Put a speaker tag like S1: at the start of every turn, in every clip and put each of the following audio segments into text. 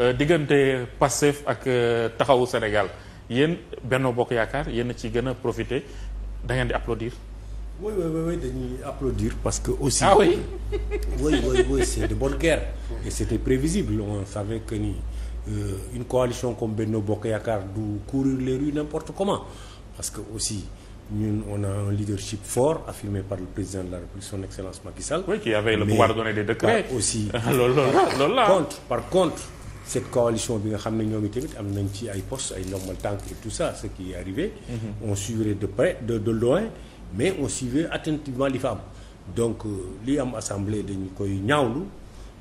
S1: Euh, diggante Pastef ak euh, taxawu Sénégal yéen Benno Bokk Yaakaar yéen ci gën a profité da ngeen di applaudir
S2: oui oui oui dañuy applaudir parce que aussi. ah oui oui oui oui c'est de bonne guerre. et c'était prévisible on savait que ni euh, une coalition comme Benno Bokk Yaakaar du courir les rues n'importe comment parce que aussi ñun on a un leadership fort affirmé par le président de la République son excellence Macky Sall. oui de donner des décrets. aussi loolu loolu la contre par contre. cette coalition bi nga xam ne ñoomi tamit am nañ ci ay postes ay normal tank et tout ça ce qui est arrivé. Mm-hmm. on suivait de près de de loin mais on suivait attentivement li fa am donc euh, li am assemblée dañu koy ñaawlu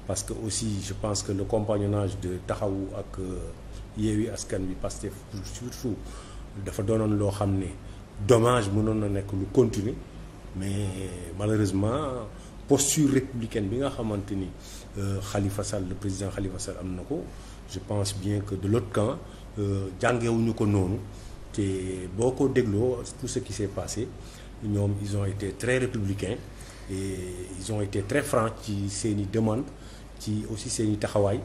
S2: parce que aussi je pense que le compagnonnage de taxawu ak euh, yeewi askan bi Pastef surtout dafa doonoon loo xam ne dommage mënoon na nekk lu continuer mais malheureusement. posture républicaine bi nga xamante ni euh, Khalifa Sall le président Khalifa Sall am na ko je pense bien que de l'autre camp euh, jàngewuñu ko noonu te boo ko dégloo tout ce qui s'est passé ñoom ils ont été très républicains et ils ont été très francs ci seeni demande ci aussi seeni taxawaay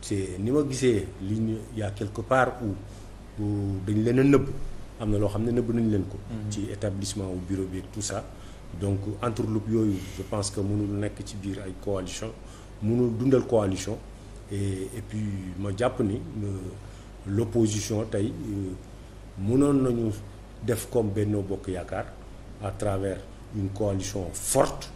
S2: te ni ma gisee li ñu y quelque part où dañ leneen a nëbb am na loo xam ne nëbb nañ leen ko. Mm-hmm. ci établissement wu bureau bi tout ça. donc entreloupe yooyu je pense que mënul nekk ci biir ay coalition mënul dundal coalition et et puis ma jàpp ni euh, l'opposition tey euh, mënoon nañu def comme Benno Bokk Yaakaar à travers une coalition forte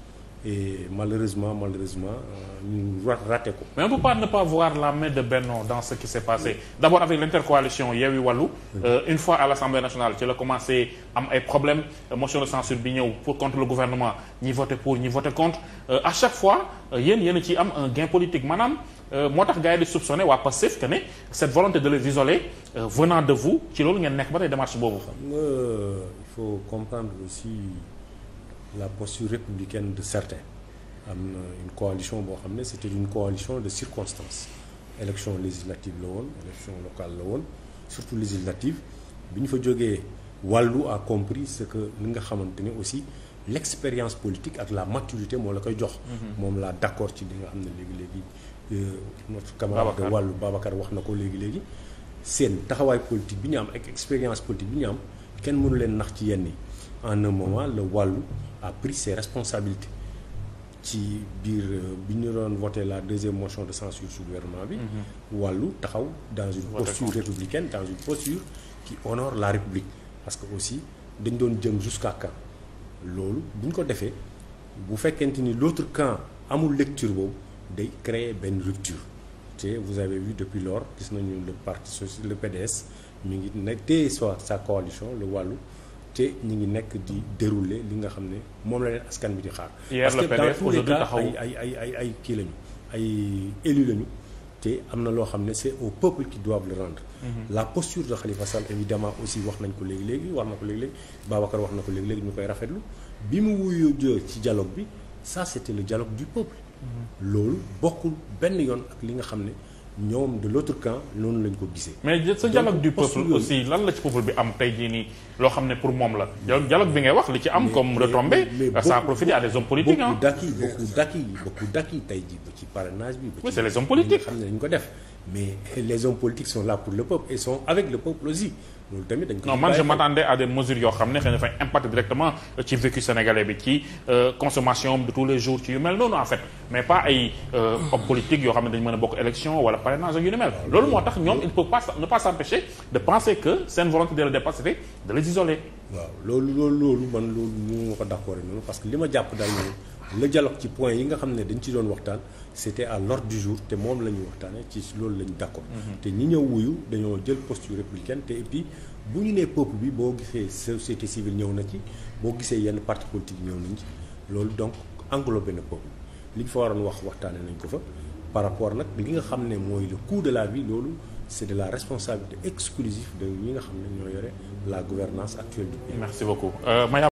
S2: et malheureusement malheureusement euh, ñu raté ko.
S1: mais on peut pas ne pas voir la main de Benno dans ce qui s'est passé d'abord avec l'intercoalition Yewwi Wallu. Euh, une fois à l'Assemblée nationale ci la commencé am ay problèmes euh, motion de censure bi ñëw pour contre le gouvernement ñi voté pour ñi voté contre à chaque fois yéen yéen a am un gain politique maanaam. moo tax gars yi di soupçonné waa Pastef que ne cette volonté de les isoler venant de vous ci loolu ngeen nekk ba tey démarche
S2: la posture républicaine de certains am na une coalition boo xam ne c'était une coalition de circonstances élection législative la woon élection locale la woon surtout législative bi ñu fa jógee wàllu a compris ce que li nga xamante ne aussi l'expérience politique ak la maturité moo la koy jox mm-hmm. moom laa d'accord ci li nga xam ne léegi-léegi euh, notre camarade de wàllu Babacar wax na ko léegi-léegi seen taxawaay politique bi ñu am ak expérience politique bi ñu am kenn mënu leen nax ci yenn yi en un moment le wàllu a pris ses responsabilités ci biir euh, bi ñu doon voté la deuxième motion de censure sur gouvernement bi mhm. wàllu taxaw dans une posture républicaine dans une posture qui honore la république parce que aussi dañ doon jëm jusqu'à quand loolu bu ko defee bu fekkente ni l'autre camp amul lecture boobu day créer benn rupture te vous avez vu depuis lors gis nañu le parti le PDS mi ngi ne tey soit sa coalition le wàllu te ñu ngi nekk di dérouler li nga xam ne moom la leen askan bi di xaar. parce que dans tous les cas ay ay ay ay ay kii lañu ay élus lañu te am na loo xam ne c'est au peuple ci doivent le rendre. Mhm. la posture de Khalifa Sall évidemment aussi wax nañ ko léegi léegi wax na ko léegi léegi Babacar wax na ko léegi léegi ñu koy rafetlu bi mu wuyu jë ci dialogue bi ça sete le dialogue du peuple. Mhm. loolu bokkul benn yoon ak li nga xam ne. ñoom de l'autre camp noonu lañ ko gisee. mais sa dialogue du peuple aussi
S1: lan la ci peuple bi am tey jii nii loo xam ne pour moom la. dialogue bi ngay wax li ci am comme retombée. ça a profité à des hommes politiques ah. beaucoup
S2: d'acquis beaucoup d'acquis beaucoup d'acquis tey jii ba ci parrainage bi. ba ci c'est les hommes politiques xam ne dañ ko def. mais les hommes politiques sont là pour le peuple et sont avec le peuple aussi loolu tamit dañ ko. non man je m'attendais
S1: à des mesures yoo xam ne xëy na directement ci vécu sénégalais bi ci euh, consommation de tous les jours ci yu mel noonu en fait mais pas ay euh, hommes politiques yoo xam ne dañu mën a bokk wala parrainage ak yu ni mel. loolu moo tax ñoom il peut pas ne pas s'empêcher de penser que seen volonté de le dépasser de les
S2: isoler. waaw loolu loolu man loolu le dialogue ci point yi nga xam ne dañ ci doon waxtaan c'était à l'ordre du jour te moom lañu ñu waxtaanee ci loolu la ñu d'accord mm-hmm. te ñi ñëw wuyu dañoo jël posture républicaine te et puis bu ñu nee peuple bi boo gisee société civile ñëw na ci boo gisee yenn parti politique ñëw nañ ci loolu donc englobé na peuple li ñu fa waroon wax waxtaane nañ ko fa par rapport nag li nga xam ne mooy le coût de la vie loolu c'est de la responsabilité exclusive de ñi nga xam ne ñoo yore la gouvernance actuelle du pays merci beaucoup
S1: euh,